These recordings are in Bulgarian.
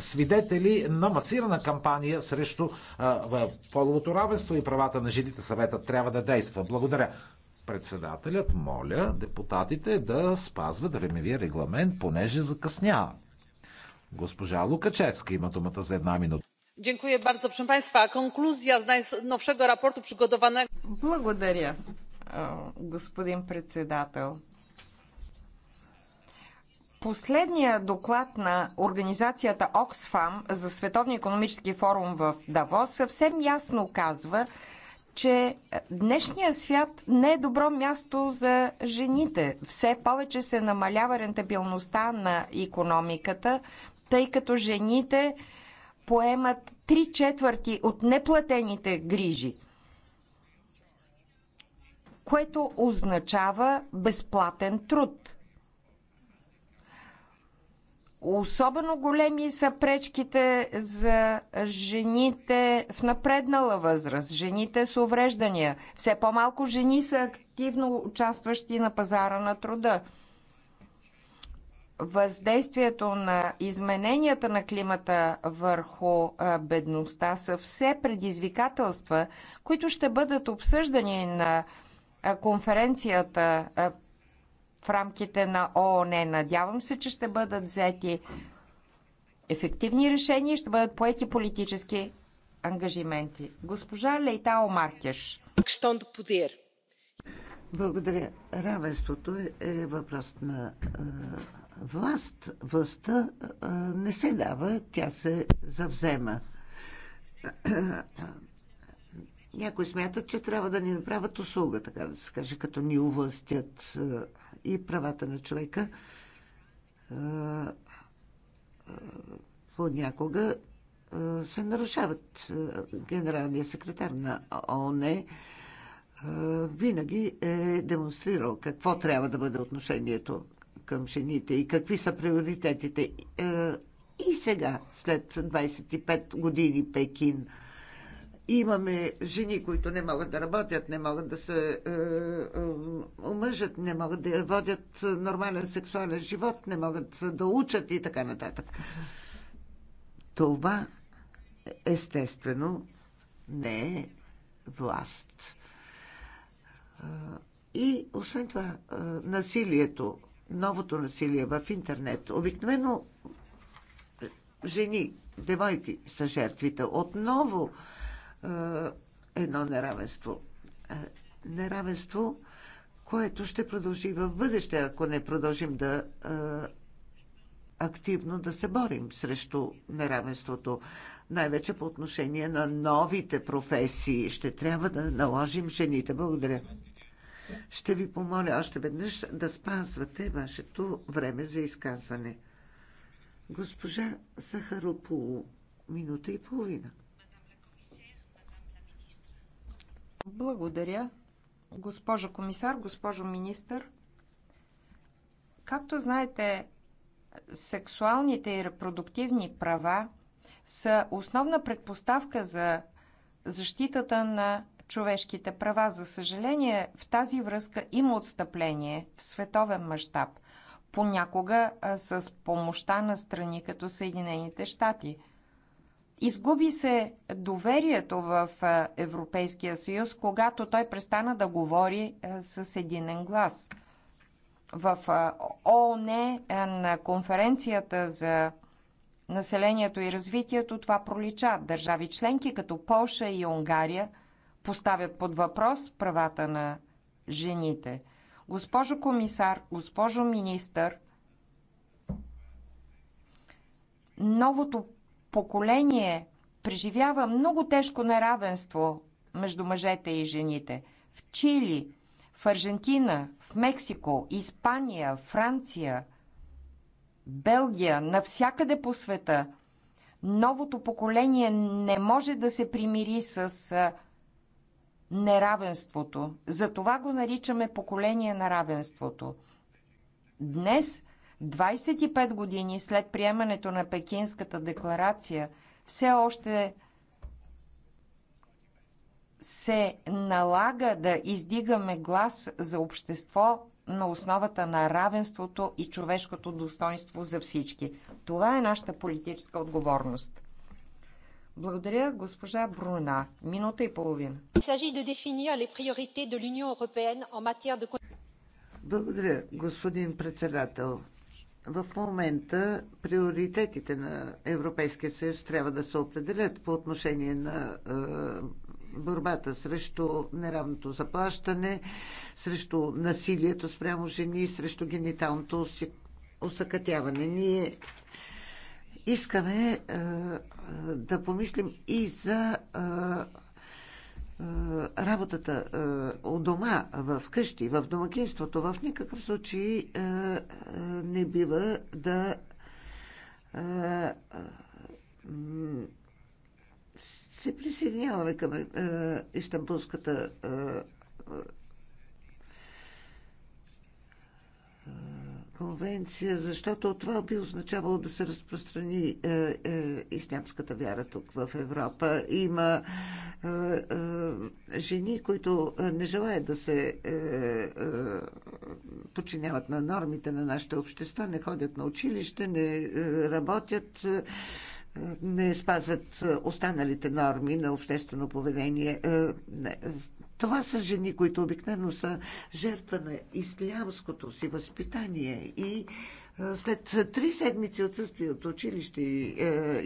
свидетели на масирана кампания срещу половото равенство и правата на жените. Съветът трябва да действа. Благодаря. Председателят моля депутатите да спазват времевия регламент, понеже закъснява. Госпожа Лукачевска има думата за една минута. Благодаря, господин председател. Последният доклад на организацията Оксфам за Световния економически форум в Давос съвсем ясно казва, че днешният свят не е добро място за жените. Все повече се намалява рентабилността на економиката, тъй като жените поемат три четвърти от неплатените грижи, което означава безплатен труд – Особено големи са пречките за жените в напреднала възраст, жените с увреждания. Все по-малко жени са активно участващи на пазара на труда. Въздействието на измененията на климата върху бедността са все предизвикателства, които ще бъдат обсъждани на конференцията в рамките на ООН. Надявам се, че ще бъдат взети ефективни решения и ще бъдат поети политически ангажименти. Госпожа Лейтао Маркеш. Благодаря. Равенството е, е въпрос на е, власт. Властта е, не се дава, тя се завзема някои смятат, че трябва да ни направят услуга, така да се каже, като ни увластят е, и правата на човека. Е, е, понякога се нарушават. Генералният секретар на ООН винаги е демонстрирал какво трябва да бъде отношението към жените и какви са приоритетите. И сега, след 25 години Пекин, Имаме жени, които не могат да работят, не могат да се е, е, омъжат, не могат да водят нормален сексуален живот, не могат да учат и така нататък. Това естествено не е власт. Е, и освен това, насилието, новото насилие в интернет, обикновено жени, девойки са жертвите. Отново е, едно неравенство. Е, неравенство, което ще продължи в бъдеще, ако не продължим да е, активно да се борим срещу неравенството. Най-вече по отношение на новите професии. Ще трябва да наложим жените. Благодаря. Ще ви помоля още веднъж да спазвате вашето време за изказване. Госпожа Сахарополу, минута и половина. Благодаря. Госпожо комисар, госпожо министър, както знаете, сексуалните и репродуктивни права са основна предпоставка за защитата на човешките права. За съжаление, в тази връзка има отстъпление в световен мащаб, понякога с помощта на страни като Съединените щати – Изгуби се доверието в Европейския съюз, когато той престана да говори с единен глас. В ООН е, на конференцията за населението и развитието това пролича. Държави членки като Полша и Унгария поставят под въпрос правата на жените. Госпожо комисар, госпожо министър, новото поколение преживява много тежко неравенство между мъжете и жените. В Чили, в Аржентина, в Мексико, Испания, Франция, Белгия, навсякъде по света, новото поколение не може да се примири с неравенството. Затова го наричаме поколение на равенството. Днес 25 години след приемането на Пекинската декларация все още се налага да издигаме глас за общество на основата на равенството и човешкото достоинство за всички. Това е нашата политическа отговорност. Благодаря, госпожа Бруна. Минута и половина. Благодаря, господин председател в момента приоритетите на Европейския съюз трябва да се определят по отношение на е, борбата срещу неравното заплащане, срещу насилието спрямо жени, срещу гениталното усъкътяване. Ние искаме е, е, да помислим и за работата у дома, в къщи, в домакинството в никакъв случай не бива да се присъединяваме към Истанбулската конвенция, защото това би означавало да се разпространи е, е, ислямската вяра тук в Европа. Има е, е, жени, които е, не желаят да се е, е, подчиняват на нормите на нашите общества, не ходят на училище, не е, работят. Е, не спазват останалите норми на обществено поведение. Е, това са жени, които обикновено са жертва на ислямското си възпитание и е, след три седмици отсъствие от училище и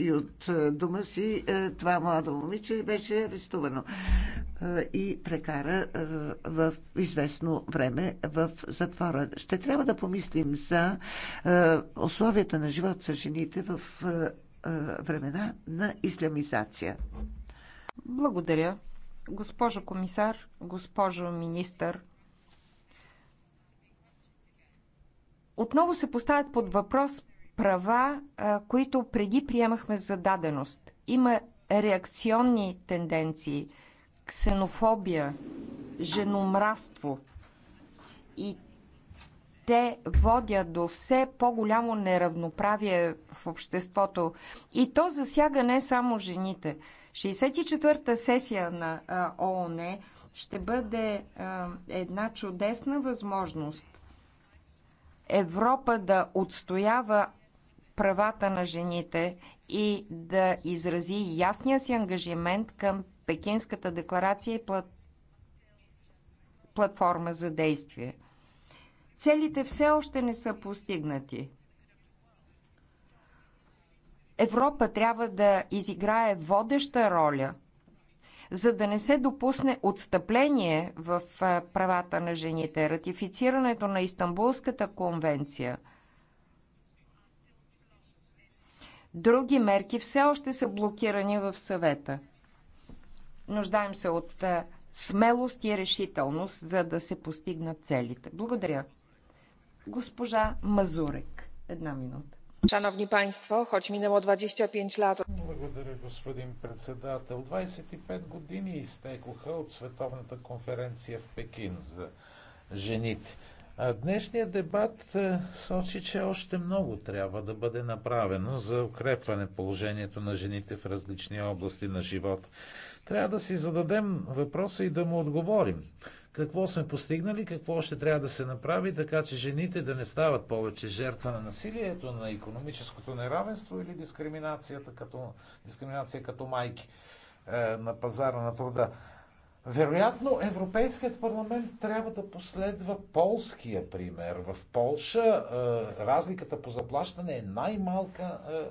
е, от е, дома си, това младо момиче беше арестувано и прекара в известно време в затвора. Ще трябва да помислим за условията на живот с жените в времена на ислямизация. Благодаря. Госпожо комисар, госпожо министър, отново се поставят под въпрос права, които преди приемахме за даденост. Има реакционни тенденции, ксенофобия, женомраство и те водят до все по-голямо неравноправие в обществото. И то засяга не само жените. 64-та сесия на ООН ще бъде една чудесна възможност Европа да отстоява правата на жените и да изрази ясния си ангажимент към Пекинската декларация и плат... платформа за действие. Целите все още не са постигнати – Европа трябва да изиграе водеща роля, за да не се допусне отстъпление в правата на жените. Ратифицирането на Истанбулската конвенция, други мерки все още са блокирани в съвета. Нуждаем се от смелост и решителност, за да се постигнат целите. Благодаря. Госпожа Мазурек, една минута. Шановни панство, хоч минало 25 лет. Благодаря, господин председател. 25 години изтекоха от Световната конференция в Пекин за жените. А днешният дебат е, сочи, че още много трябва да бъде направено за укрепване положението на жените в различни области на живота. Трябва да си зададем въпроса и да му отговорим. Какво сме постигнали, какво ще трябва да се направи, така че жените да не стават повече жертва на насилието, на економическото неравенство или дискриминацията като, дискриминация като майки е, на пазара на труда. Вероятно, Европейският парламент трябва да последва полския пример. В Полша е, разликата по заплащане е най-малка е, е,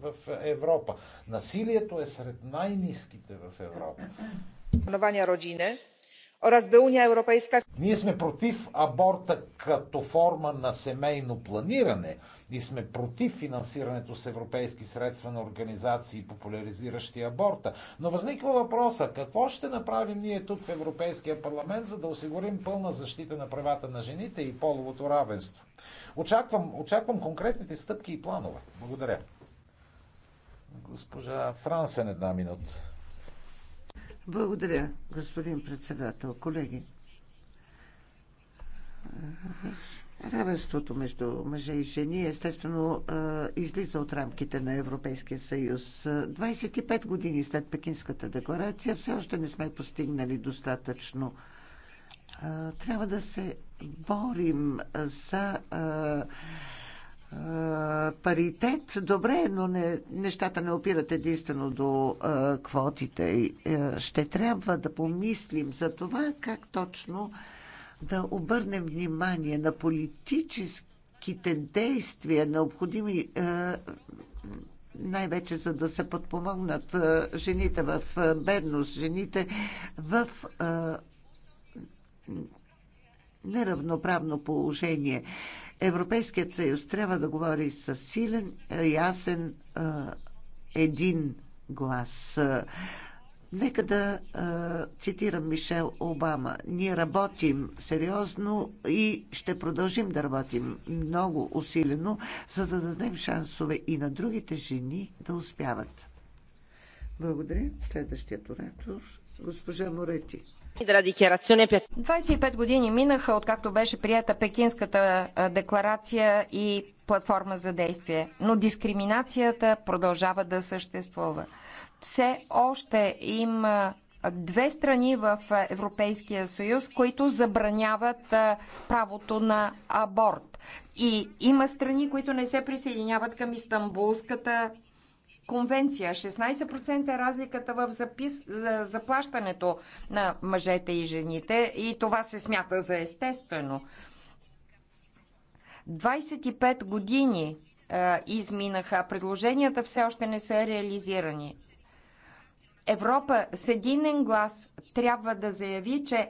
в Европа. Насилието е сред най-низките в Европа. Планования родине oraz by Unia Europejska. Ние сме против аборта като форма на семейно планиране и сме против финансирането с европейски средства на организации, популяризиращи аборта. Но възниква въпроса, какво ще направим ние тук в Европейския парламент, за да осигурим пълна защита на правата на жените и половото равенство? Очаквам, очаквам конкретните стъпки и планове. Благодаря. Госпожа Франсен, една минута. Благодаря, господин председател. Колеги, равенството между мъже и жени естествено излиза от рамките на Европейския съюз. 25 години след Пекинската декларация все още не сме постигнали достатъчно. Трябва да се борим за паритет, добре, но не, нещата не опират единствено до а, квотите. Ще трябва да помислим за това как точно да обърнем внимание на политическите действия, необходими а, най-вече за да се подпомогнат а, жените в бедност, жените в. А, неравноправно положение. Европейският съюз трябва да говори с силен, е, ясен, е, един глас. Нека да е, цитирам Мишел Обама. Ние работим сериозно и ще продължим да работим много усилено, за да дадем шансове и на другите жени да успяват. Благодаря. Следващият оратор, госпожа Морети. 25 години минаха, откакто беше прията Пекинската декларация и платформа за действие, но дискриминацията продължава да съществува. Все още има две страни в Европейския съюз, които забраняват правото на аборт. И има страни, които не се присъединяват към Истанбулската конвенция. 16% е разликата в запис, за заплащането на мъжете и жените и това се смята за естествено. 25 години а, изминаха, предложенията все още не са реализирани. Европа с единен глас трябва да заяви, че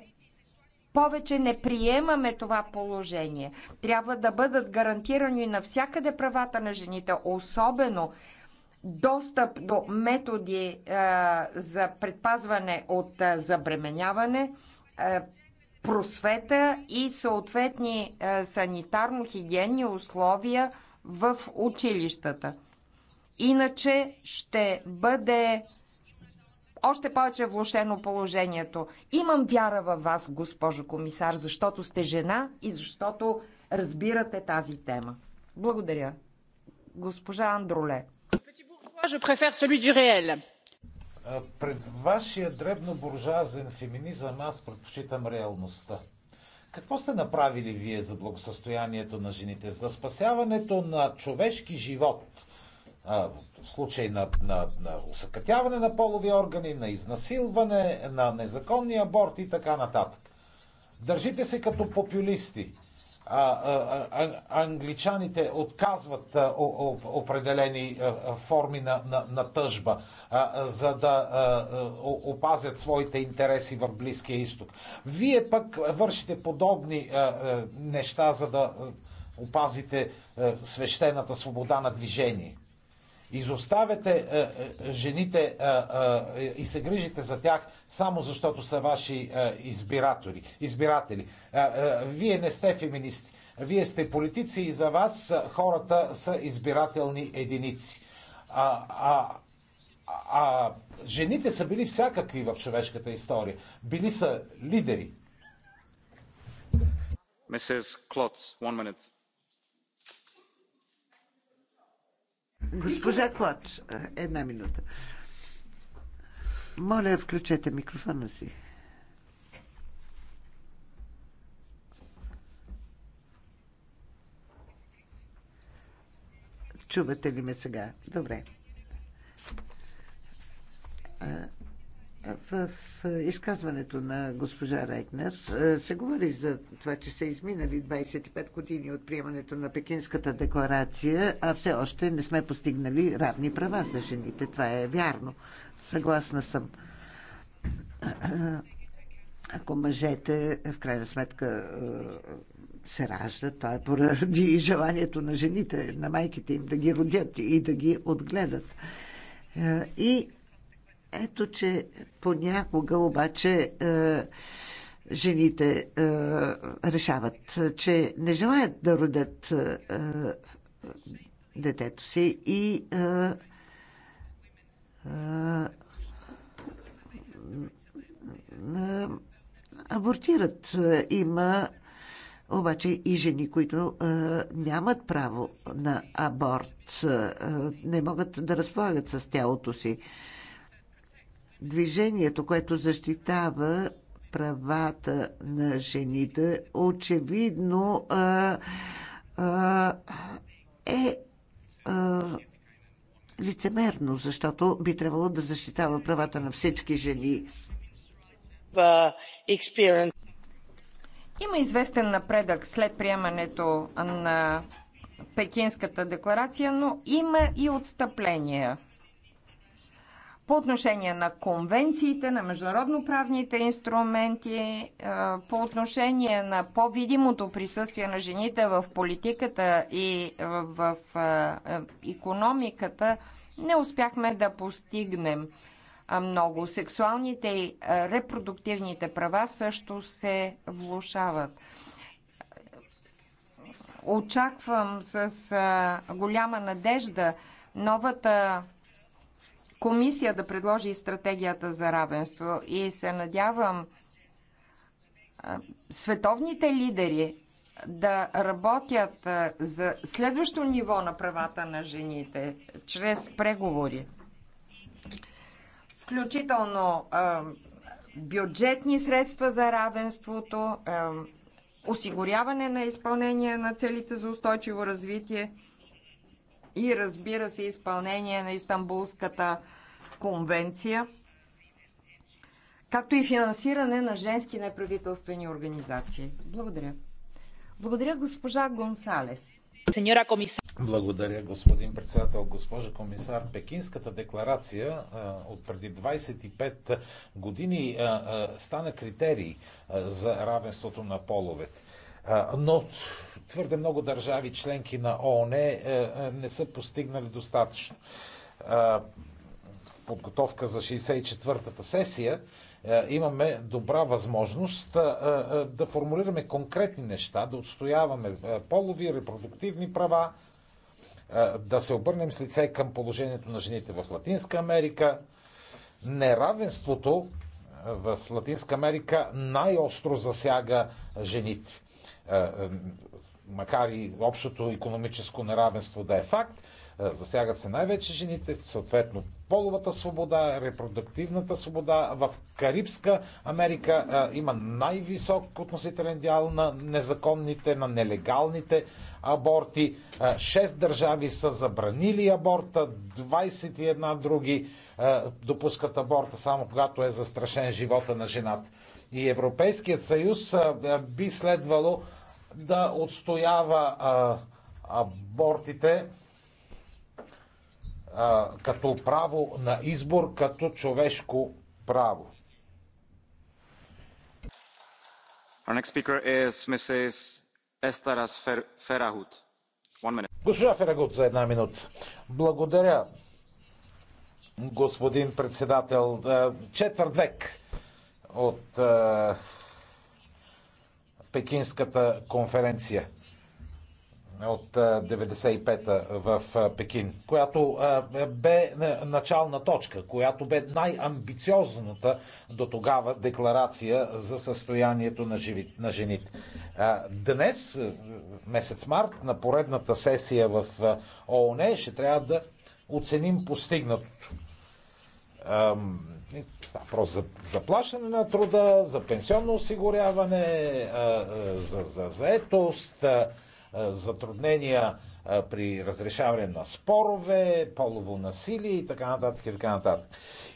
повече не приемаме това положение. Трябва да бъдат гарантирани навсякъде правата на жените, особено достъп до методи е, за предпазване от е, забременяване, е, просвета и съответни санитарно-хигиенни условия в училищата. Иначе ще бъде още повече влошено положението. Имам вяра във вас, госпожо комисар, защото сте жена и защото разбирате тази тема. Благодаря. Госпожа Андроле. Пред вашия дребно-буржуазен феминизъм аз предпочитам реалността. Какво сте направили вие за благосъстоянието на жените, за спасяването на човешки живот? в случай на, на, на усъкътяване на полови органи, на изнасилване, на незаконни аборти и така нататък. Държите се като популисти англичаните отказват определени форми на, на, на тъжба, за да опазят своите интереси в Близкия изток. Вие пък вършите подобни неща, за да опазите свещената свобода на движение. Изоставяте е, е, жените е, и се грижите за тях само защото са ваши избиратори, избиратели. вие не сте феминисти. Вие сте политици и за вас хората са избирателни единици. А, а, а жените са били всякакви в човешката история. Били са лидери. Mrs. Klotz, one minute. Госпожа Клач, е, една минута. Моля, включете микрофона си. Чувате ли ме сега? Добре. В изказването на госпожа Рейтнер е, се говори за това, че са изминали 25 години от приемането на Пекинската декларация, а все още не сме постигнали равни права за жените. Това е вярно. Съгласна съм. Ако мъжете, в крайна сметка, е, се раждат, това е поради желанието на жените, на майките им да ги родят и да ги отгледат. Е, и ето, че понякога обаче е, жените е, решават, че не желаят да родят е, детето си и е, е, е, абортират. Има обаче и жени, които е, нямат право на аборт, е, не могат да разполагат с тялото си. Е, Движението, което защитава правата на жените, очевидно а, а, е а, лицемерно, защото би трябвало да защитава правата на всички жени. Има известен напредък след приемането на Пекинската декларация, но има и отстъпления по отношение на конвенциите, на международноправните инструменти, е, по отношение на по-видимото присъствие на жените в политиката и е, в економиката, е, не успяхме да постигнем много. Сексуалните и репродуктивните права също се влушават. Очаквам с голяма надежда новата комисия да предложи стратегията за равенство и се надявам световните лидери да работят за следващо ниво на правата на жените чрез преговори, включително бюджетни средства за равенството, осигуряване на изпълнение на целите за устойчиво развитие – и разбира се изпълнение на Истанбулската конвенция, както и финансиране на женски неправителствени организации. Благодаря. Благодаря госпожа Гонсалес. Благодаря, господин председател. Госпожа комисар, Пекинската декларация а, от преди 25 години а, а, стана критерий а, за равенството на половете. А, но твърде много държави членки на ООН е, е, не са постигнали достатъчно. В е, подготовка за 64-та сесия имаме добра възможност да формулираме конкретни неща, да отстояваме полови, репродуктивни права, да се обърнем с лице към положението на жените в Латинска Америка. Неравенството в Латинска Америка най-остро засяга жените макар и общото економическо неравенство да е факт, е, засягат се най-вече жените, съответно половата свобода, репродуктивната свобода. В Карибска Америка е, има най-висок относителен дял на незаконните, на нелегалните аборти. Е, шест държави са забранили аборта, 21 други допускат аборта само когато е застрашен живота на жената. И Европейският съюз би следвало да отстоява а, абортите а, като право на избор, като човешко право. Our next speaker is Mrs. Estaras Ferahut. One minute. Госпожа Ферагут за една минута. Благодаря, господин председател. Четвърт век от Пекинската конференция от 95-та в Пекин, която бе начална точка, която бе най-амбициозната до тогава декларация за състоянието на, на жените. Днес, месец март, на поредната сесия в ООН ще трябва да оценим постигнатото. Става въпрос за заплащане на труда, за пенсионно осигуряване, за заетост, затруднения при разрешаване на спорове, полово насилие и така нататък. И, така нататък.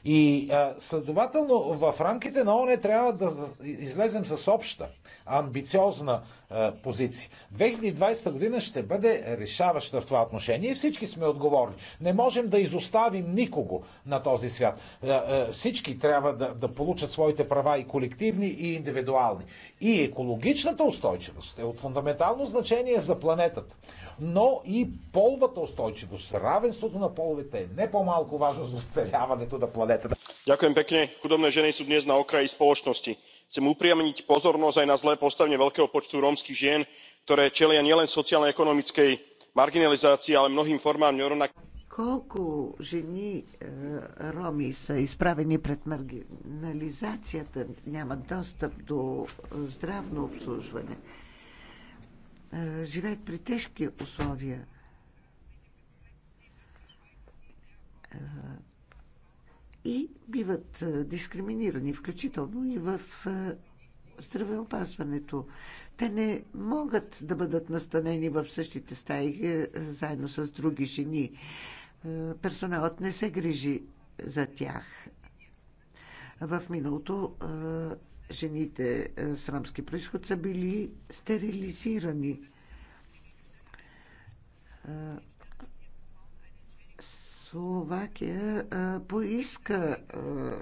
и следователно в рамките на ОНЕ трябва да излезем с обща, амбициозна позиция. 2020 година ще бъде решаваща в това отношение и всички сме отговорни. Не можем да изоставим никого на този свят. Всички трябва да, да получат своите права и колективни, и индивидуални. И екологичната устойчивост е от фундаментално значение за планетата. Но но и полвата устойчивост, равенството на половете е не по-малко важно за оцеляването на планетата. Ďakujem pekne. Chudobné ženy sú dnes na okraji spoločnosti. Chcem upriamiť pozornosť aj na zlé postavenie veľkého počtu rómskych žien, ktoré čelia nielen sociálno-ekonomickej marginalizácii, ale mnohým formám nerovnakých колко жени роми са изправени пред маргинализацията, нямат достъп до здравно обслужване. Е, живеят при тежки условия. Е, и биват е, дискриминирани, включително и в здравеопазването. Те не могат да бъдат настанени в същите стаи заедно с други жени. Персоналът не се грижи за тях. В миналото жените е, с ромски происход са били стерилизирани. Е, Словакия е, поиска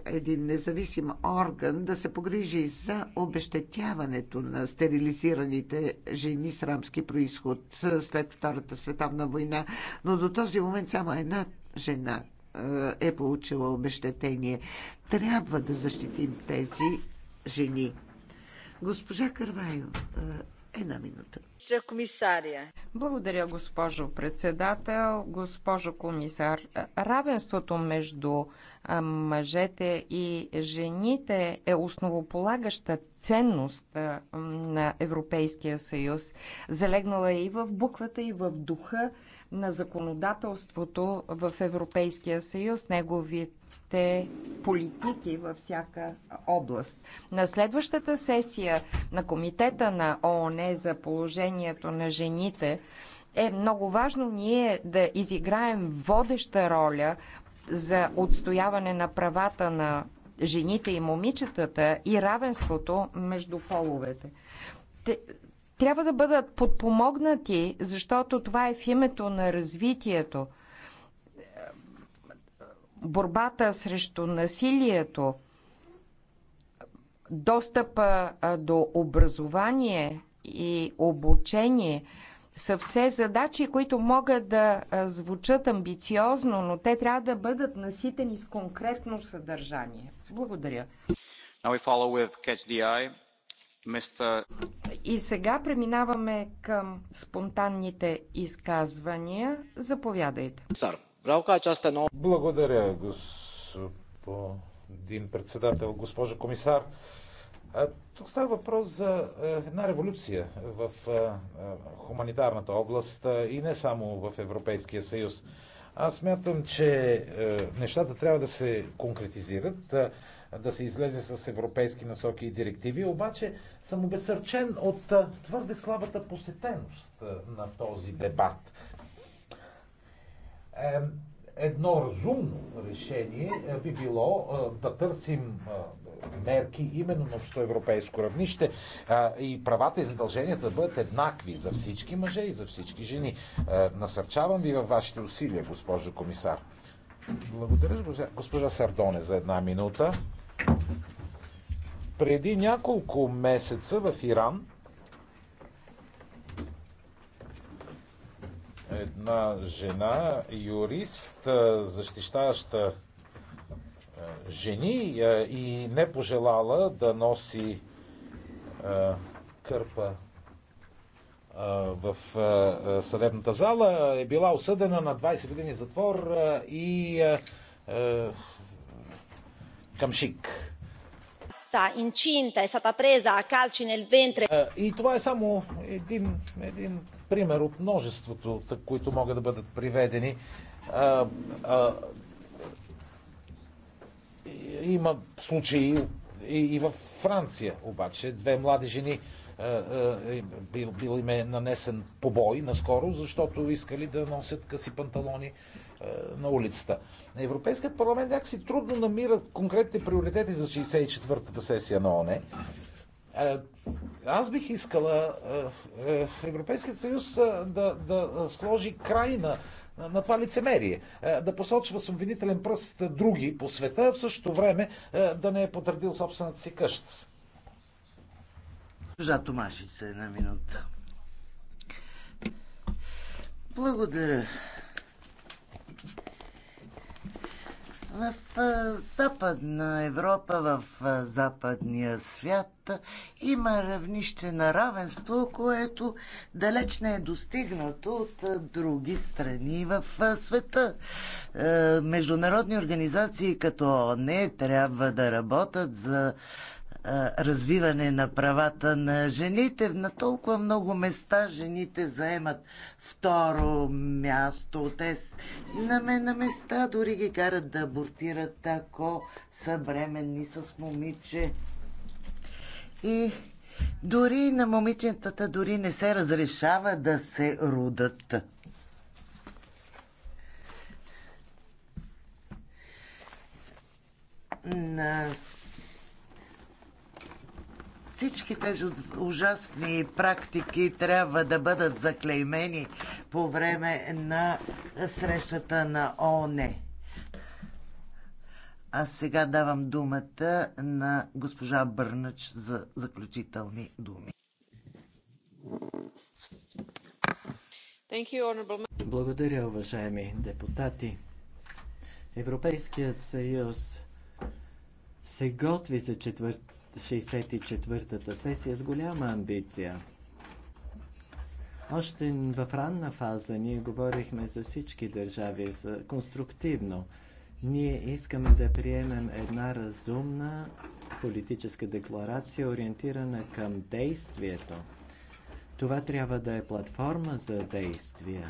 един независим орган да се погрижи за обещетяването на стерилизираните жени с рамски происход след Втората световна война, но до този момент само една жена е получила обещетение. Трябва да защитим тези жени. Госпожа Карвайо, една минута. Благодаря, госпожо председател, госпожо комисар. Равенството между мъжете и жените е основополагаща ценност на Европейския съюз. Залегнала е и в буквата, и в духа на законодателството в Европейския съюз, неговите те политики във всяка област. На следващата сесия на Комитета на ООН за положението на жените е много важно ние да изиграем водеща роля за отстояване на правата на жените и момичетата и равенството между половете. Те, трябва да бъдат подпомогнати, защото това е в името на развитието – борбата срещу насилието, достъпа до образование и обучение са все задачи, които могат да звучат амбициозно, но те трябва да бъдат наситени с конкретно съдържание. Благодаря. Mister... И сега преминаваме към спонтанните изказвания. Заповядайте. Сар. Vreau ca această nouă... Благодаря, господин председател, госпожо комисар. Тук става въпрос за е, една революция в е, е, хуманитарната област и не само в Европейския съюз. Аз смятам, че нещата трябва да се конкретизират, да се излезе с европейски насоки и директиви, обаче съм обесърчен от твърде слабата посетеност на този дебат едно разумно решение е, би било е, да търсим е, мерки именно на общоевропейско равнище и правата и задълженията да бъдат еднакви за всички мъже и за всички жени. Насърчавам ви във вашите усилия, госпожо комисар. Благодаря, госпожа Сардоне, за една минута. Преди няколко месеца в Иран една жена, юрист, защищаваща жени и не пожелала да носи кърпа в съдебната зала. Е била осъдена на 20 години затвор и камшик. е стата преза калчи нел вентре. И това е само един, един пример от множеството, които могат да бъдат приведени. А, а, има случаи и, и във Франция, обаче, две млади жени бил, бил им е нанесен побой наскоро, защото искали да носят къси панталони на улицата. Европейският парламент някакси трудно намира конкретните приоритети за 64-та сесия на ОНЕ. Е, аз бих искала е, е, Европейският съюз да, да сложи край на, на това лицемерие, да посочва с обвинителен пръст други по света, в същото време да не е потърдил собствената си къща. Жа Томашица, една минута. Благодаря, В Западна Европа, в западния свят има равнище на равенство, което далеч не е достигнато от други страни в света. Международни организации като не трябва да работят за развиване на правата на жените. На толкова много места жените заемат второ място. Те на, на места дори ги карат да абортират, ако са бременни с момиче. И дори на момичетата дори не се разрешава да се родат. На всички тези ужасни практики трябва да бъдат заклеймени по време на срещата на ООН. Аз сега давам думата на госпожа Бърнач за заключителни думи. Благодаря, уважаеми депутати. Европейският съюз се готви за четвърт 64-та сесия с голяма амбиция. Още в ранна фаза ние говорихме за всички държави за конструктивно. Ние искаме да приемем една разумна политическа декларация, ориентирана към действието. Това трябва да е платформа за действие.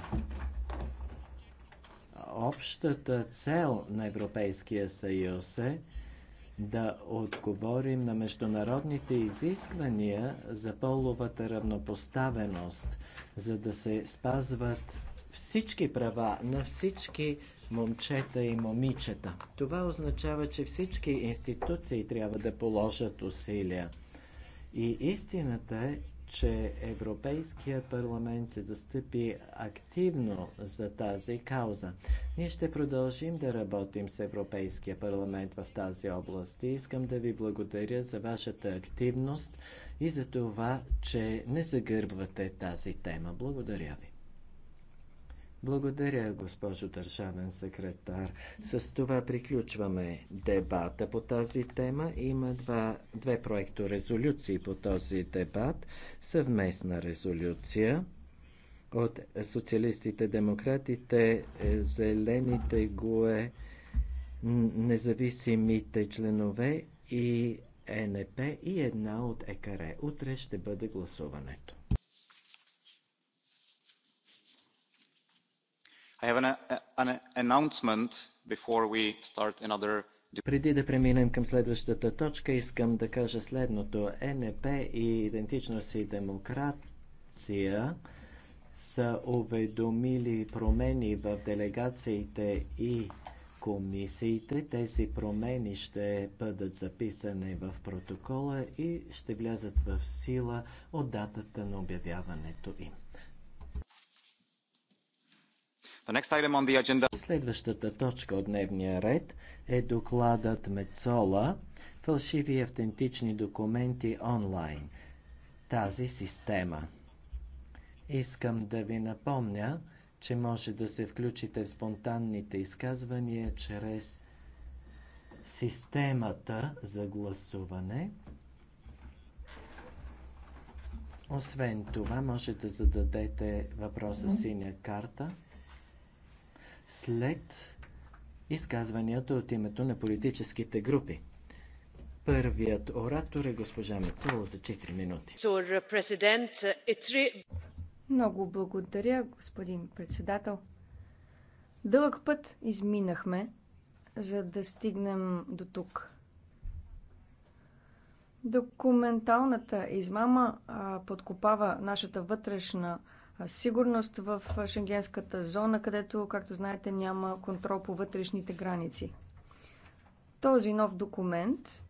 Общата цел на Европейския съюз е да отговорим на международните изисквания за половата равнопоставеност, за да се спазват всички права на всички момчета и момичета. Това означава, че всички институции трябва да положат усилия. И истината е, че Европейският парламент се застъпи активно за тази кауза. Ние ще продължим да работим с Европейския парламент в тази област и искам да ви благодаря за вашата активност и за това, че не загърбвате тази тема. Благодаря ви. Благодаря, госпожо държавен секретар. С това приключваме дебата по тази тема. Има два, две проекто резолюции по този дебат. Съвместна резолюция от социалистите, демократите, е, зелените ГУЕ, независимите членове и ЕНП и една от ЕКР. Утре ще бъде гласуването. I have an, an announcement before we start another преди да преминем към следващата точка, искам да кажа следното. Е НП и идентичност и демокрация са уведомили промени в делегациите и комисиите. Тези промени ще бъдат записани в протокола и ще влязат в сила от датата на обявяването им. Следващата точка от дневния ред е докладът Мецола фалшиви и автентични документи онлайн. Тази система. Искам да ви напомня, че може да се включите в спонтанните изказвания чрез системата за гласуване. Освен това, може да зададете въпроса синя карта след изказванията от името на политическите групи. Първият оратор е госпожа Мецола за 4 минути. Много благодаря, господин председател. Дълъг път изминахме, за да стигнем до тук. Документалната измама а, подкопава нашата вътрешна сигурност в шенгенската зона, където, както знаете, няма контрол по вътрешните граници. Този нов документ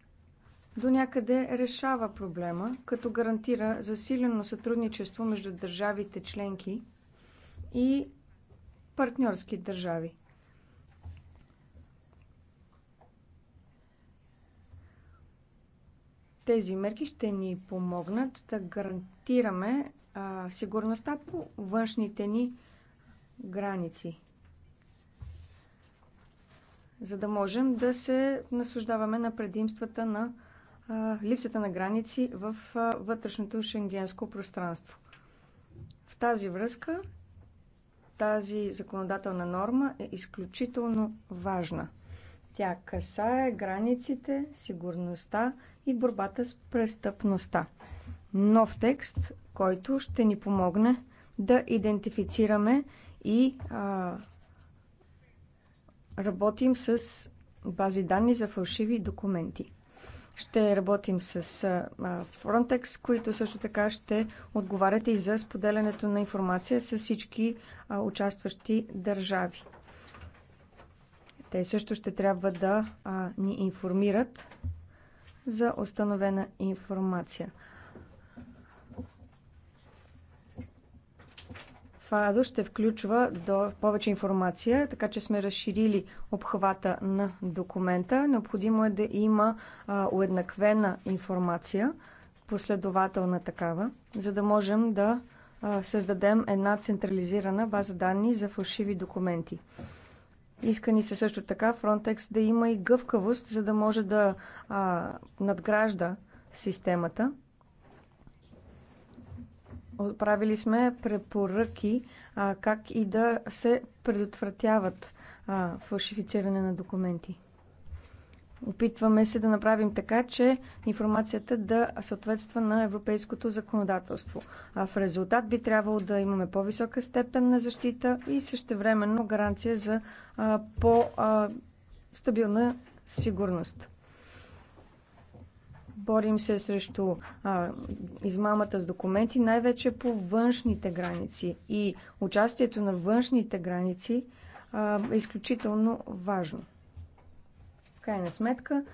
до някъде решава проблема, като гарантира засилено сътрудничество между държавите членки и партньорски държави. Тези мерки ще ни помогнат да гарантираме а, сигурността по външните ни граници, за да можем да се наслаждаваме на предимствата на а, липсата на граници в а, вътрешното шенгенско пространство. В тази връзка тази законодателна норма е изключително важна. Тя касае границите, сигурността и борбата с престъпността нов текст, който ще ни помогне да идентифицираме и а, работим с бази данни за фалшиви документи. Ще работим с а, Frontex, които също така ще отговарят и за споделянето на информация с всички а, участващи държави. Те също ще трябва да а, ни информират за установена информация. фаза ще включва до повече информация, така че сме разширили обхвата на документа. Необходимо е да има а, уеднаквена информация, последователна такава, за да можем да а, създадем една централизирана база данни за фалшиви документи. Искани се също така Frontex да има и гъвкавост, за да може да а, надгражда системата Отправили сме препоръки а, как и да се предотвратяват а, фалшифициране на документи. Опитваме се да направим така, че информацията да съответства на европейското законодателство. А в резултат би трябвало да имаме по-висока степен на защита и същевременно гаранция за по-стабилна сигурност. Борим се срещу а, измамата с документи, най-вече по външните граници. И участието на външните граници а, е изключително важно. В крайна сметка,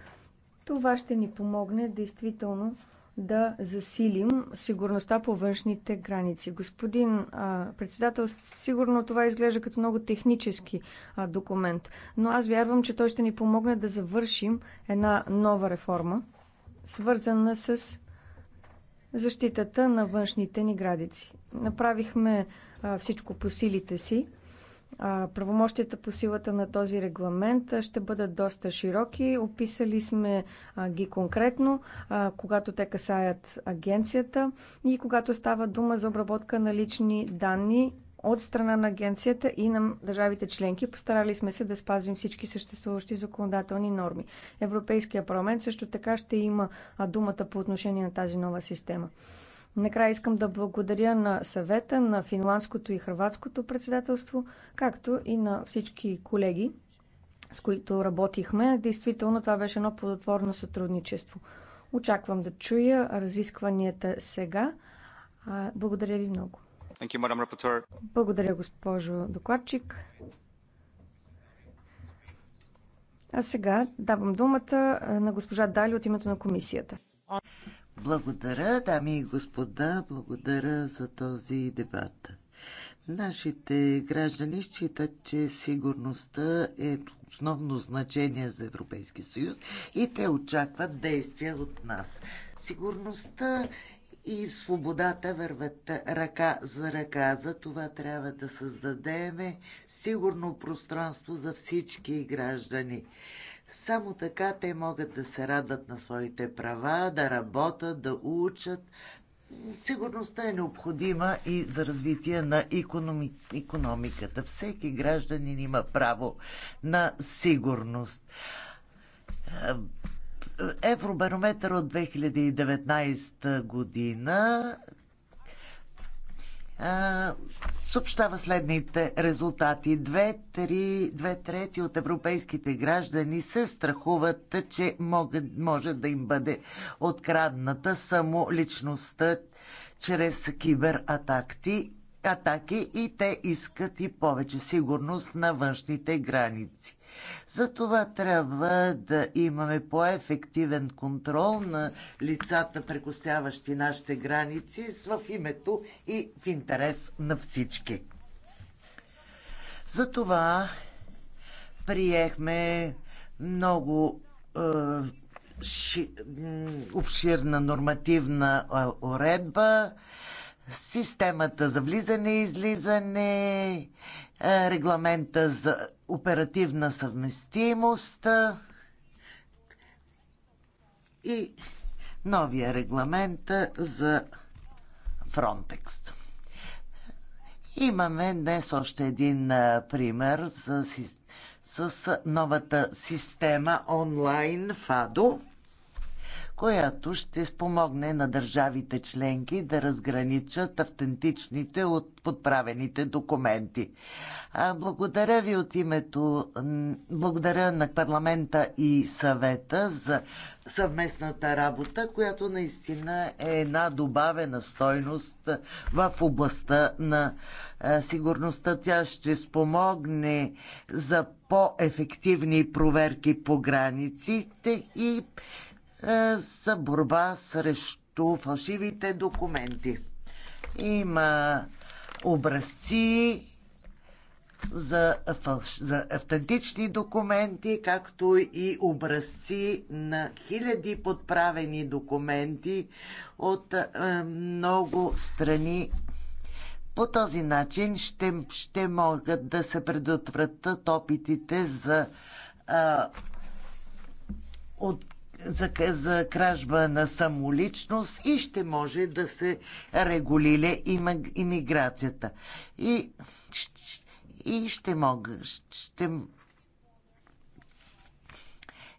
това ще ни помогне действително да засилим сигурността по външните граници. Господин а, председател, сигурно това изглежда като много технически а, документ, но аз вярвам, че той ще ни помогне да завършим една нова реформа свързана с защитата на външните ни градици. Направихме а, всичко по силите си. А, правомощията по силата на този регламент ще бъдат доста широки. Описали сме а, ги конкретно, а, когато те касаят агенцията и когато става дума за обработка на лични данни от страна на агенцията и на държавите членки. Постарали сме се да спазим всички съществуващи законодателни норми. Европейския парламент също така ще има думата по отношение на тази нова система. Накрая искам да благодаря на съвета, на финландското и хрватското председателство, както и на всички колеги, с които работихме. Действително това беше едно плодотворно сътрудничество. Очаквам да чуя разискванията сега. Благодаря ви много. Благодаря, госпожо докладчик. А сега давам думата на госпожа Дали от името на комисията. Благодаря, дами и господа, благодаря за този дебат. Нашите граждани считат, че сигурността е основно значение за Европейски съюз и те очакват действия от нас. Сигурността и свободата върват ръка за ръка. За това трябва да създадеме сигурно пространство за всички граждани. Само така те могат да се радват на своите права, да работят, да учат. Сигурността е необходима и за развитие на економи... економиката. Всеки гражданин има право на сигурност Евробарометър от 2019 година съобщава следните резултати. Две, три, две трети от европейските граждани се страхуват, че могат, може да им бъде открадната само личността чрез кибератаки атаки и те искат и повече сигурност на външните граници. Затова трябва да имаме по-ефективен контрол на лицата, прекосяващи нашите граници, в името и в интерес на всички. Затова приехме много е, ши, обширна нормативна е, уредба, системата за влизане и излизане, е, регламента за оперативна съвместимост и новия регламент за Frontex. Имаме днес още един пример с, с новата система онлайн ФАДО която ще спомогне на държавите членки да разграничат автентичните от подправените документи. Благодаря ви от името, благодаря на парламента и съвета за съвместната работа, която наистина е една добавена стойност в областта на сигурността. Тя ще спомогне за по-ефективни проверки по границите и е, за борба срещу фалшивите документи. Има образци за, фалш... за автентични документи, както и образци на хиляди подправени документи от е, много страни. По този начин ще, ще могат да се предотвратят опитите за е, от за, за кражба на самоличност и ще може да се регулира имиграцията. И, и ще мога. Ще,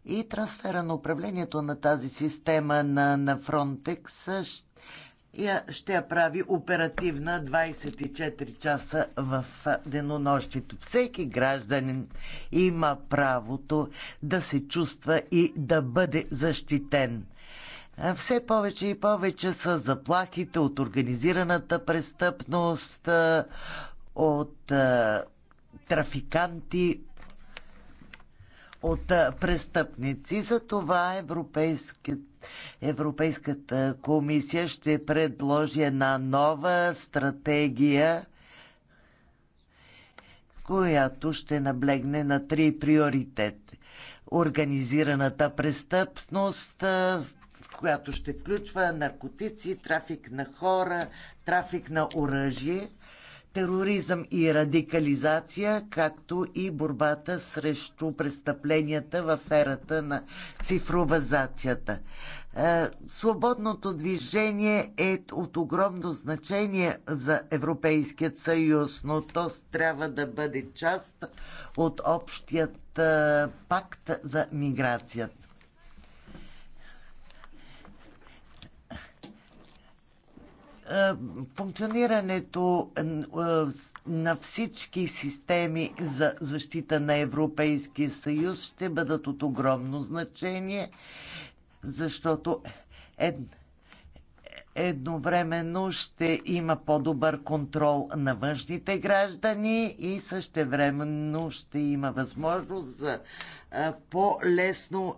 и трансфера на управлението на тази система на, на Frontex ще я ще я прави оперативна 24 часа в денонощите. Всеки гражданин има правото да се чувства и да бъде защитен. Все повече и повече са заплахите от организираната престъпност, от е, трафиканти, от престъпници. За това Европейският Европейската комисия ще предложи една нова стратегия, която ще наблегне на три приоритети. Организираната престъпност, която ще включва наркотици, трафик на хора, трафик на оръжие тероризъм и радикализация, както и борбата срещу престъпленията в ерата на цифровазацията. Е, свободното движение е от огромно значение за Европейският съюз, но то трябва да бъде част от общият е, пакт за миграцията. Е, функционирането е, на всички системи за защита на Европейския съюз ще бъдат от огромно значение, защото ед... едновременно ще има по-добър контрол на външните граждани и същевременно ще има възможност за е, по-лесно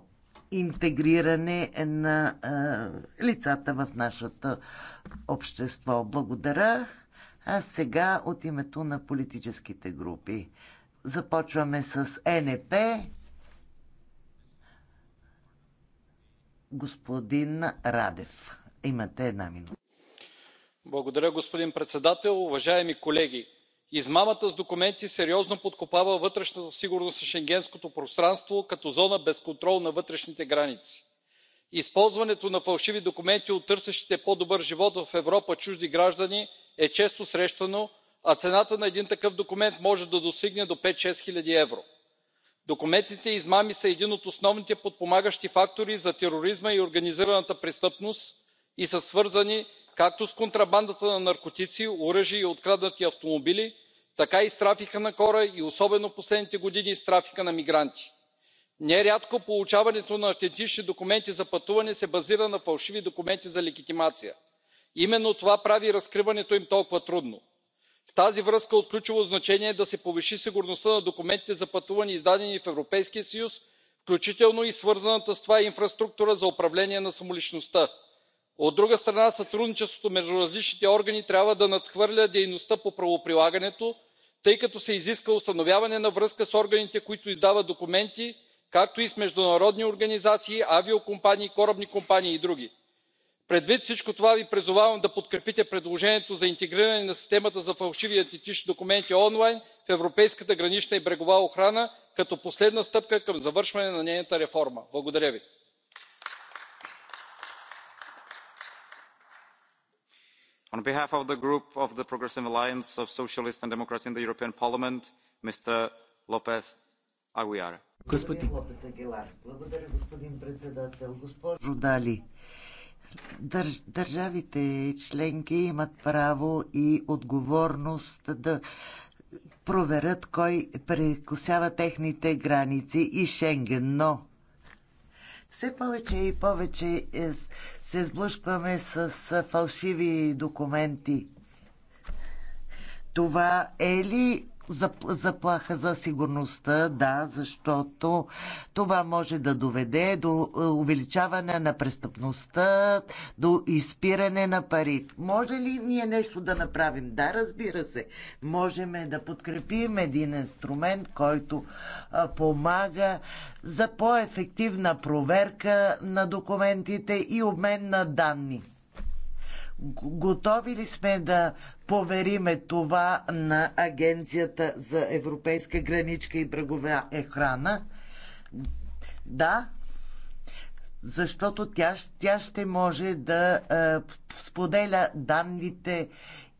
интегриране на а, лицата в нашето общество. Благодаря. А сега от името на политическите групи. Започваме с НП. Господин Радев, имате една минута. Благодаря, господин председател. Уважаеми колеги, измамата с документи сериозно подкопава вътрешната сигурност на шенгенското пространство като зона без контрол на вътрешните граници. използването на фалшиви документи от търсещите по добър живот в европа чужди граждани е често срещано а цената на един такъв документ може да достигне до пет шест хиляди евро. документните измами са един от основните подпомагащи фактори за тероризма и организираната престъпност и са свързани както с контрабандата на наркотици оръжие и откраднати автомобили така и с трафика на хора и особено в последните години с трафика на мигранти. нерядко получаването на автентични документи за пътуване се базира на фалшиви документи за легитимация. именно това прави разкриването им толкова трудно. в тази връзка от ключово значение е да се повиши сигурността на документите за пътуване издадени в европейския съюз включително и свързаната с това инфраструктура за управление на самоличността от друга страна сътрудничеството между различните органи трябва да надхвърля дейността по правоприлагането тъй като се изисква установяване на връзка с органите които издават документи както и с международни организации авиокомпании корабни компании и други. предвид всичко това ви призовавам да подкрепите предложението за интегриране на системата за фалшиви идентични документи онлайн в европейската гранична и брегова охрана като последна стъпка към завършване на нейната реформа. благодаря ви. on behalf of the group of the progressive alliance of socialists and democrats in the european parliament mr lpez aguilar. държавите членки имат право и отговорност да проверят кой прекосява техните граници и Шенген, но все повече и повече е се сблъскваме с фалшиви документи. Това е ли заплаха за сигурността, да, защото това може да доведе до е, увеличаване на престъпността, до изпиране на пари. Може ли ние нещо да направим? Да, разбира се. Можеме да подкрепим един инструмент, който е, помага за по-ефективна проверка на документите и обмен на данни готови ли сме да повериме това на Агенцията за европейска граничка и брегова охрана? Да, защото тя, тя ще може да е, споделя данните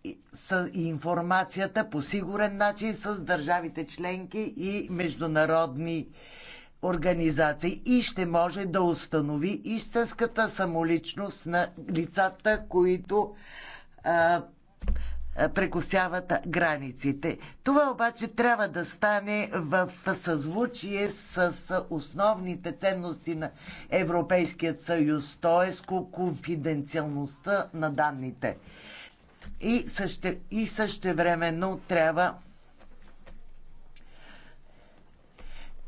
и, с и информацията по сигурен начин с държавите членки и международни е, организации и ще може да установи истинската самоличност на лицата, които а, прекусяват границите. Това обаче трябва да стане в съзвучие с основните ценности на Европейският съюз, т.е. конфиденциалността на данните. И, също, и същевременно трябва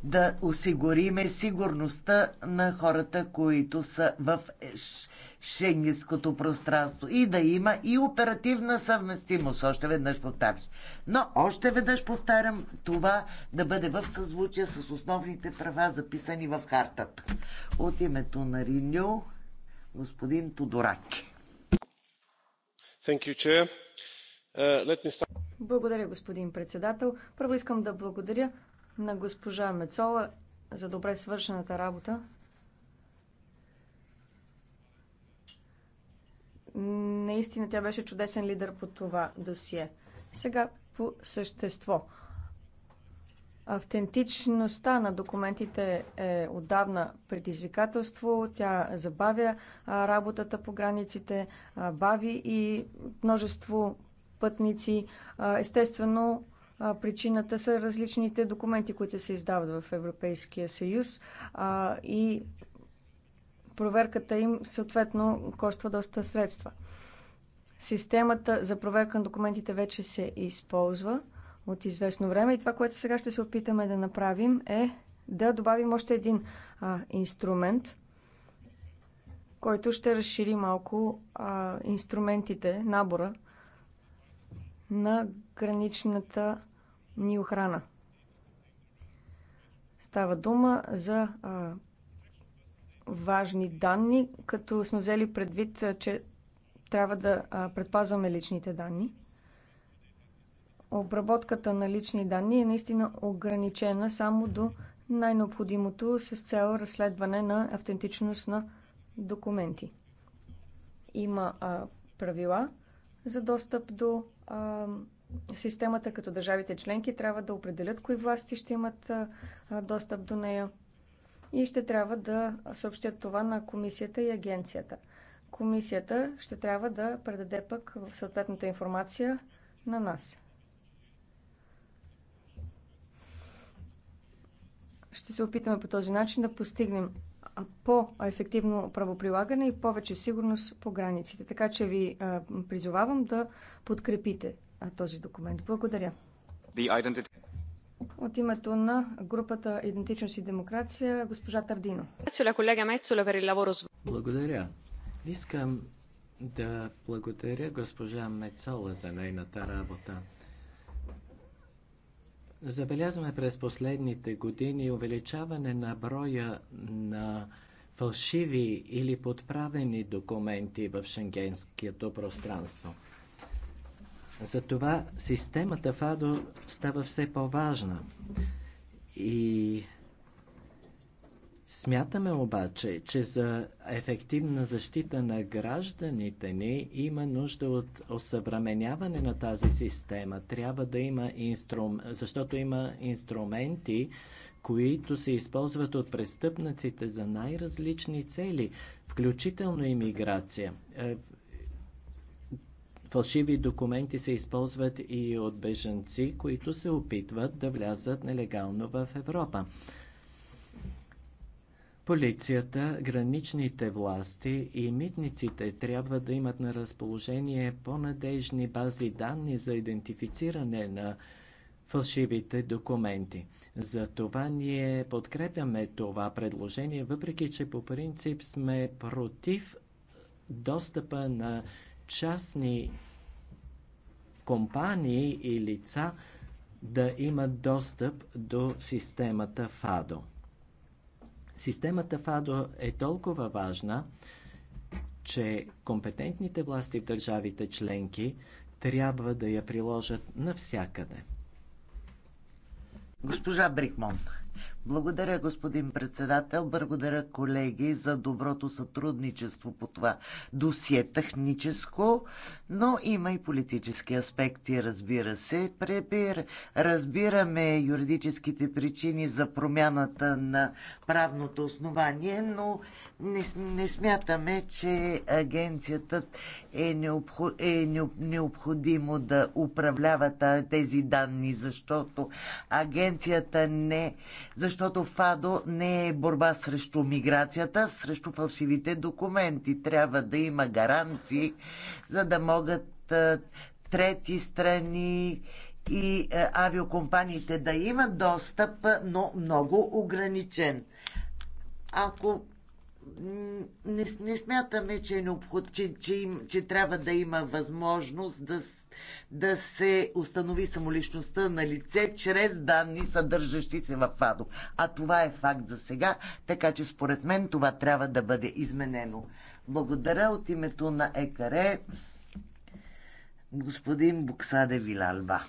да осигуриме сигурността на хората, които са в шенгенското пространство и да има и оперативна съвместимост, още веднъж повтарям. Но още веднъж повтарям това да бъде в съзвучие с основните права, записани в хартата. От името на Риню, господин Тодораки. Thank you, Chair. Uh, благодаря, господин председател. Първо искам да благодаря на госпожа Мецола за добре свършената работа. Наистина тя беше чудесен лидер по това досие. Сега по същество. Автентичността на документите е отдавна предизвикателство. Тя забавя работата по границите, бави и множество пътници. Естествено, а, причината са различните документи, които се издават в Европейския съюз а, и проверката им съответно коства доста средства. Системата за проверка на документите вече се използва от известно време и това, което сега ще се опитаме да направим е да добавим още един а, инструмент, който ще разшири малко а, инструментите, набора на граничната ни охрана. Става дума за а, важни данни, като сме взели предвид, че трябва да а, предпазваме личните данни. Обработката на лични данни е наистина ограничена само до най-необходимото с цел разследване на автентичност на документи. Има а, правила за достъп до а, системата, като държавите членки трябва да определят кои власти ще имат а, достъп до нея и ще трябва да съобщят това на комисията и агенцията. Комисията ще трябва да предаде пък в съответната информация на нас. Ще се опитаме по този начин да постигнем по-ефективно правоприлагане и повече сигурност по границите. Така че ви призовавам да подкрепите този документ. Благодаря. От името на групата Идентичност и демокрация, госпожа Тардино. Благодаря. Искам да благодаря госпожа Мецола за нейната работа. Забелязваме през последните години увеличаване на броя на фалшиви или подправени документи в шенгенското пространство. Затова системата ФАДО става все по-важна. И Смятаме обаче, че за ефективна защита на гражданите ни има нужда от осъвременяване на тази система. Трябва да има инструм... защото има инструменти, които се използват от престъпниците за най-различни цели, включително имиграция. Е, фалшиви документи се използват и от бежанци, които се опитват да влязат нелегално в Европа. Полицията, граничните власти и митниците трябва да имат на разположение по-надежни бази данни за идентифициране на фалшивите документи. За това ние подкрепяме това предложение, въпреки че по принцип сме против достъпа на частни компании и лица да имат достъп до системата ФАДО. Системата ФАДО е толкова важна, че компетентните власти в държавите членки трябва да я приложат навсякъде. Госпожа Брикмон, благодаря, господин председател. Благодаря, колеги, за доброто сътрудничество по това досие техническо, но има и политически аспекти, разбира се. Пребир, разбираме юридическите причини за промяната на правното основание, но не, не смятаме, че агенцията е, необхо, е необходимо да управлява тези данни, защото агенцията не... Защо защото ФАДО не е борба срещу миграцията, срещу фалшивите документи. Трябва да има гаранции, за да могат трети страни и авиокомпаниите да имат достъп, но много ограничен. Ако не, не смятаме, че, е необход, че, че, им, че трябва да има възможност да да се установи самоличността на лице чрез данни, съдържащи се в ФАДО. А това е факт за сега, така че според мен това трябва да бъде изменено. Благодаря от името на ЕКАРЕ господин Буксаде Вилалба.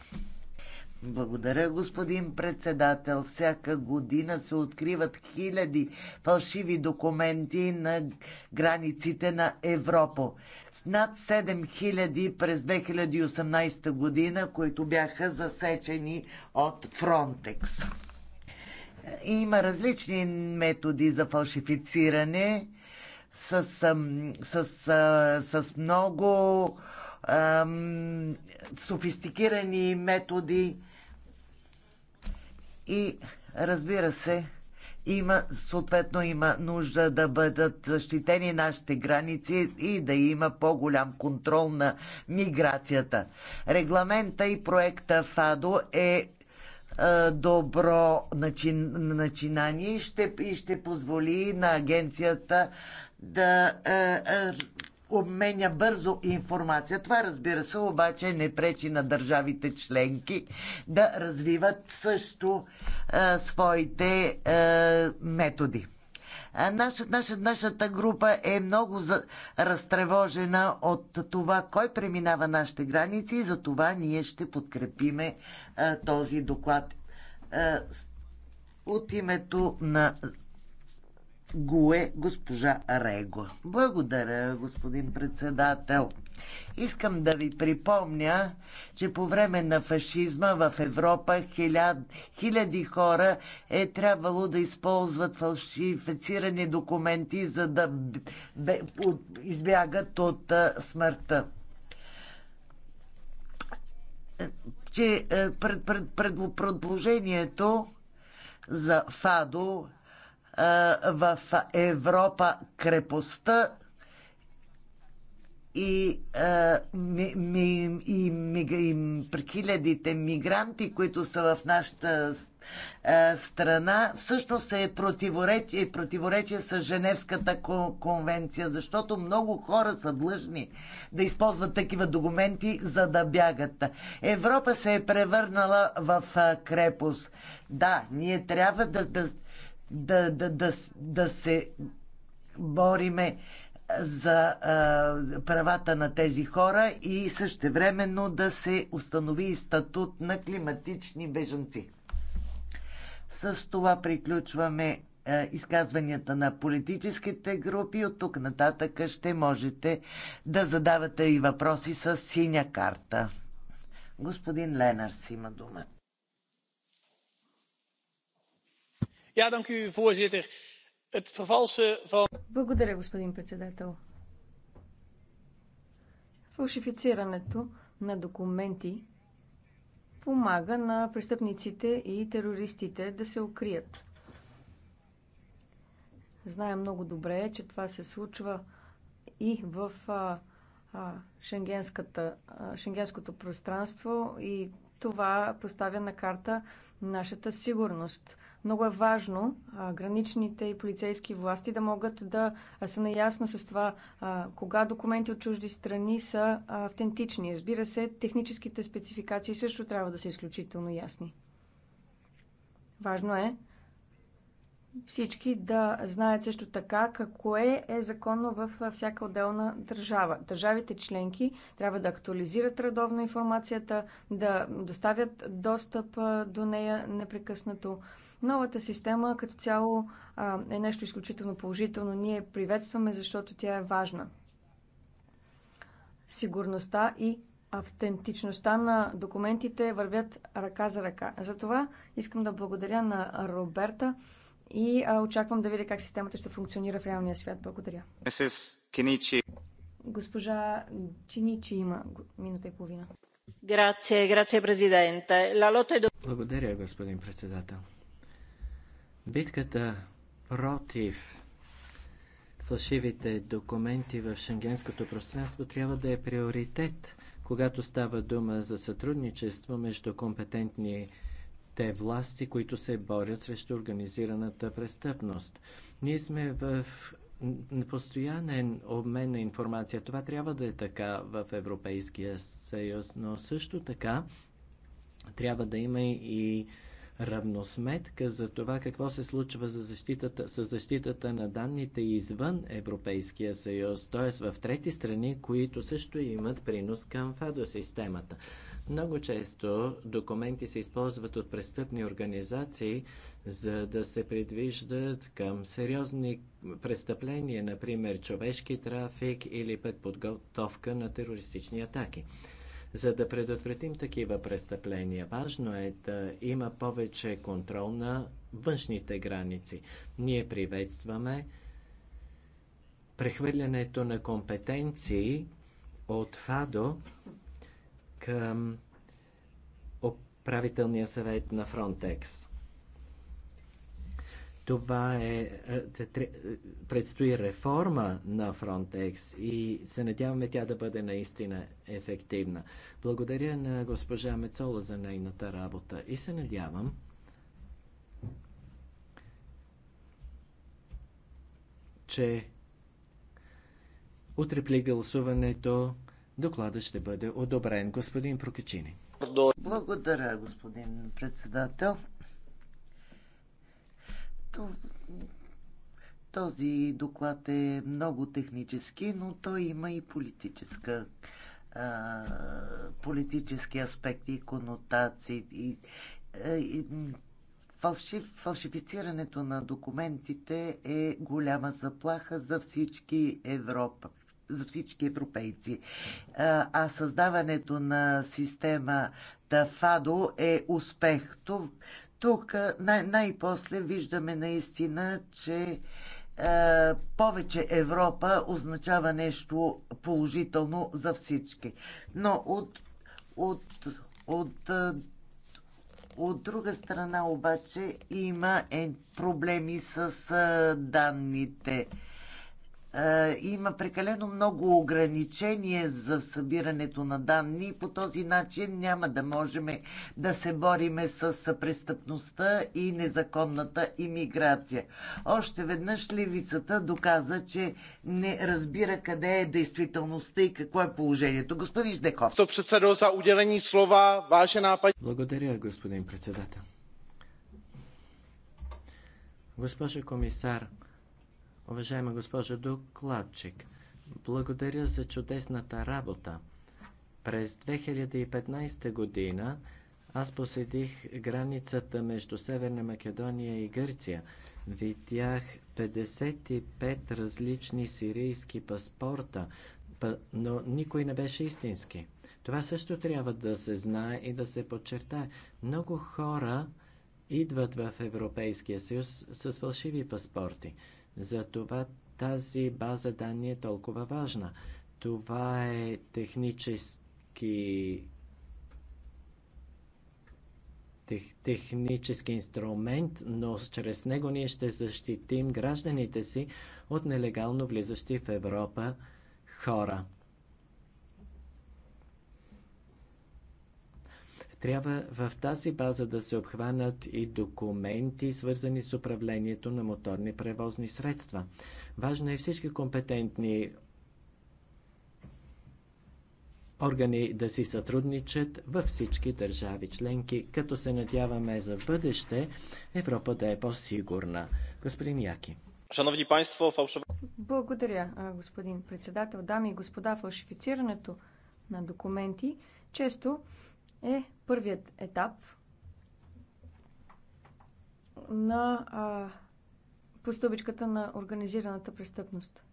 Благодаря, господин председател. Всяка година се откриват хиляди фалшиви документи на границите на Европа. С над 7000 през 2018 година, които бяха засечени от Фронтекс. Има различни методи за фалшифициране с, с, с, с много ам, софистикирани методи и разбира се, има, съответно има нужда да бъдат защитени нашите граници и да има по-голям контрол на миграцията. Регламента и проекта ФАДО е, е добро начин, начинание и ще, и ще позволи на агенцията да е, е, обменя бързо информация. Това разбира се обаче не пречи на държавите членки да развиват също а, своите а, методи. А наша, наша, нашата група е много за, разтревожена от това кой преминава нашите граници и за това ние ще подкрепиме а, този доклад. А, от името на Гуе госпожа Рего. Благодаря, господин председател. Искам да ви припомня, че по време на фашизма в Европа хиляд, хиляди хора е трябвало да използват фалшифицирани документи, за да бе, от, избягат от а, смъртта. Е, че пред, пред, пред, пред, предложението за ФАДО в Европа крепостта и, ми, ми, и, ми, и хилядите мигранти, които са в нашата страна, всъщност е противоречие, противоречие с Женевската конвенция, защото много хора са длъжни да използват такива документи, за да бягат. Европа се е превърнала в крепост. Да, ние трябва да, да да, да, да, да се бориме за а, правата на тези хора и същевременно да се установи статут на климатични бежанци. С това приключваме а, изказванията на политическите групи. От тук нататък ще можете да задавате и въпроси с синя карта. Господин си има думата. Благодаря, господин председател. Фалшифицирането на документи помага на престъпниците и терористите да се укрият. Знаем много добре, че това се случва и в а, а, шенгенската, а, шенгенското пространство и това поставя на карта нашата сигурност. Много е важно а, граничните и полицейски власти да могат да са наясно с това а, кога документи от чужди страни са автентични. Разбира се, техническите спецификации също трябва да са изключително ясни. Важно е всички да знаят също така какво е, е законно в всяка отделна държава. Държавите членки трябва да актуализират редовно информацията, да доставят достъп до нея непрекъснато. Новата система като цяло е нещо изключително положително. Ние приветстваме, защото тя е важна. Сигурността и автентичността на документите вървят ръка за ръка. Затова искам да благодаря на Роберта и очаквам да видя как системата ще функционира в реалния свят. Благодаря. Госпожа Чиничи има минута и половина. Е благодаря, господин председател. Битката против фалшивите документи в шенгенското пространство трябва да е приоритет, когато става дума за сътрудничество между компетентни те власти, които се борят срещу организираната престъпност. Ние сме в постоянен обмен на информация. Това трябва да е така в Европейския съюз, но също така трябва да има и равносметка за това какво се случва за защитата, с защитата на данните извън Европейския съюз, т.е. в трети страни, които също имат принос към ФАДО системата. Много често документи се използват от престъпни организации, за да се предвиждат към сериозни престъпления, например човешки трафик или пък подготовка на терористични атаки. За да предотвратим такива престъпления, важно е да има повече контрол на външните граници. Ние приветстваме прехвърлянето на компетенции от ФАДО към управителния съвет на Фронтекс. Това е, е, е, предстои реформа на Frontex и се надяваме тя да бъде наистина ефективна. Благодаря на госпожа Мецола за нейната работа и се надявам, че утре при гласуването доклада ще бъде одобрен. Господин Прокачини. Благодаря, господин председател. Този доклад е много технически, но той има и политическа политически аспекти и конотации и, е, и фалшиф, фалшифицирането на документите е голяма заплаха за всички Европа за всички европейци. А, а създаването на система Тафадо е успех тук най- най-после виждаме наистина, че е, повече Европа означава нещо положително за всички. Но от, от, от, от друга страна обаче има е, проблеми с е, данните. Е, е, има прекалено много ограничения за събирането на данни и по този начин няма да можем да се бориме с престъпността и незаконната иммиграция. Още веднъж левицата доказа, че не разбира къде е действителността и какво е положението. Господин Ждеков. То за уделени слова, важена Благодаря, господин председател. Госпожо комисар, Уважаема госпожо докладчик, благодаря за чудесната работа. През 2015 година аз посетих границата между Северна Македония и Гърция. Видях 55 различни сирийски паспорта, но никой не беше истински. Това също трябва да се знае и да се подчертае. Много хора идват в Европейския съюз с фалшиви паспорти. Затова тази база данни е толкова важна. Това е технически тех, технически инструмент, но чрез него ние ще защитим гражданите си от нелегално влизащи в Европа хора. Трябва в тази база да се обхванат и документи, свързани с управлението на моторни превозни средства. Важно е всички компетентни органи да си сътрудничат във всички държави членки, като се надяваме за бъдеще Европа да е по-сигурна. Господин Яки. Благодаря, господин председател. Дами и господа, фалшифицирането на документи често е първият етап на а, постъпичката на организираната престъпност.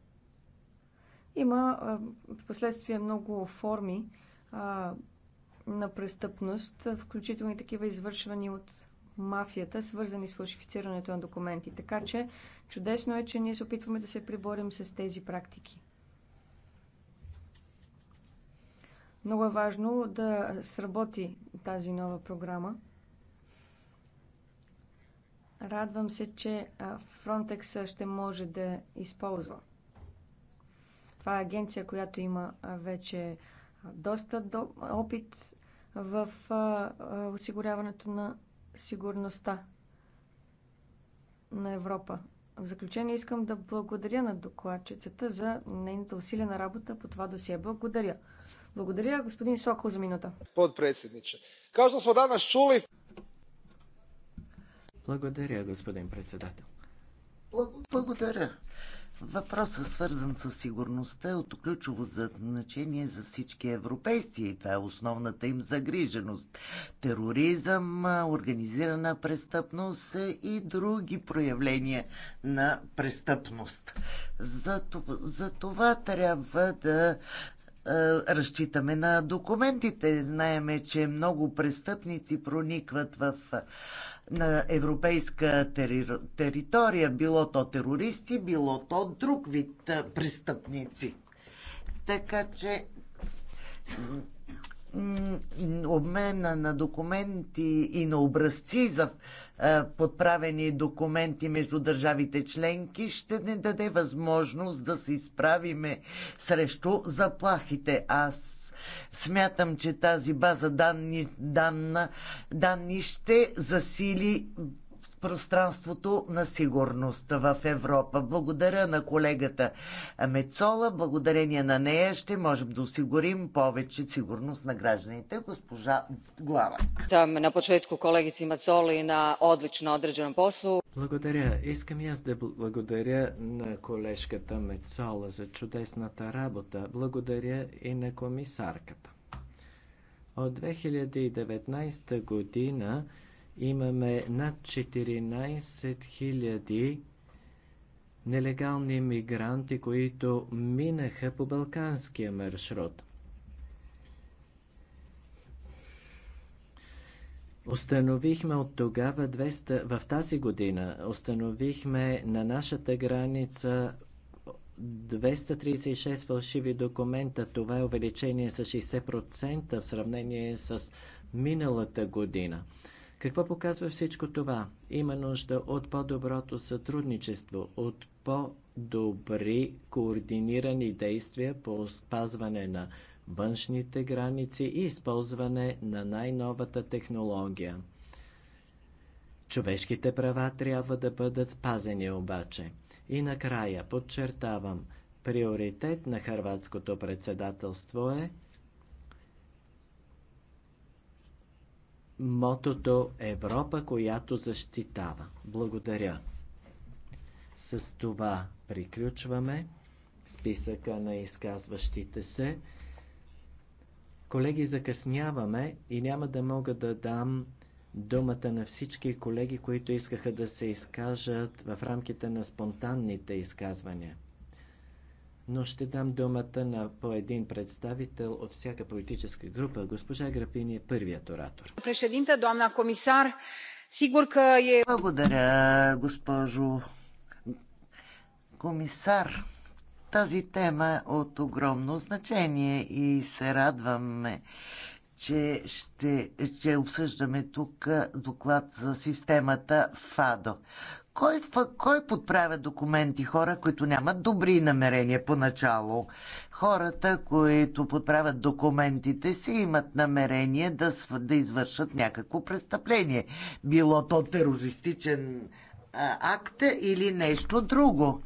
Има а, в последствие много форми а, на престъпност, включително и такива извършвани от мафията, свързани с фалшифицирането на документи. Така че чудесно е, че ние се опитваме да се приборим с тези практики. Много е важно да сработи тази нова програма. Радвам се, че Frontex ще може да използва. Това е агенция, която има вече доста опит в осигуряването на сигурността на Европа. В заключение искам да благодаря на докладчицата за нейната усилена работа по това досие. Благодаря. Благодаря, господин Сокол, за минута. Подпредседниче. Кажа сме данас чули... Благодаря, господин председател. Благодаря. Въпросът, свързан с сигурността, е от ключово значение за всички европейци и това е основната им загриженост. Тероризъм, организирана престъпност и други проявления на престъпност. За, това, за това трябва да е, разчитаме на документите. Знаеме, че много престъпници проникват в е, на европейска тери, територия, било то терористи, било то друг вид е, престъпници. Така че обмена на документи и на образци за е, подправени документи между държавите членки ще ни даде възможност да се изправиме срещу заплахите. Аз смятам, че тази база данни, данна, данни ще засили пространството на сигурност в Европа. Благодаря на колегата Мецола. Благодарение на нея ще можем да осигурим повече сигурност на гражданите. Госпожа Глава. Там на почетку колегици Мецоли на отлично одređenom poslu. Благодаря. Искам и аз да благодаря на колежката Мецола за чудесната работа. Благодаря и на комисарката. От 2019 година имаме над 14 000 нелегални мигранти, които минаха по балканския маршрут. Установихме от тогава 200, в тази година установихме на нашата граница 236 фалшиви документа. Това е увеличение с 60% в сравнение с миналата година. Какво показва всичко това? Има нужда от по-доброто сътрудничество, от по-добри координирани действия по спазване на външните граници и използване на най-новата технология. Човешките права трябва да бъдат спазени обаче. И накрая подчертавам, приоритет на хърватското председателство е мотото Европа, която защитава. Благодаря. С това приключваме списъка на изказващите се. Колеги, закъсняваме и няма да мога да дам думата на всички колеги, които искаха да се изкажат в рамките на спонтанните изказвания но ще дам думата на по един представител от всяка политическа група. Госпожа Грапини е първият оратор. Președинте, доамна комисар, сигур că е... Благодаря, госпожо комисар. Тази тема е от огромно значение и се радваме, че ще, ще обсъждаме тук доклад за системата ФАДО кой, кой подправя документи? Хора, които нямат добри намерения поначало. Хората, които подправят документите си, имат намерение да, да извършат някакво престъпление. Било то терористичен акт или нещо друго.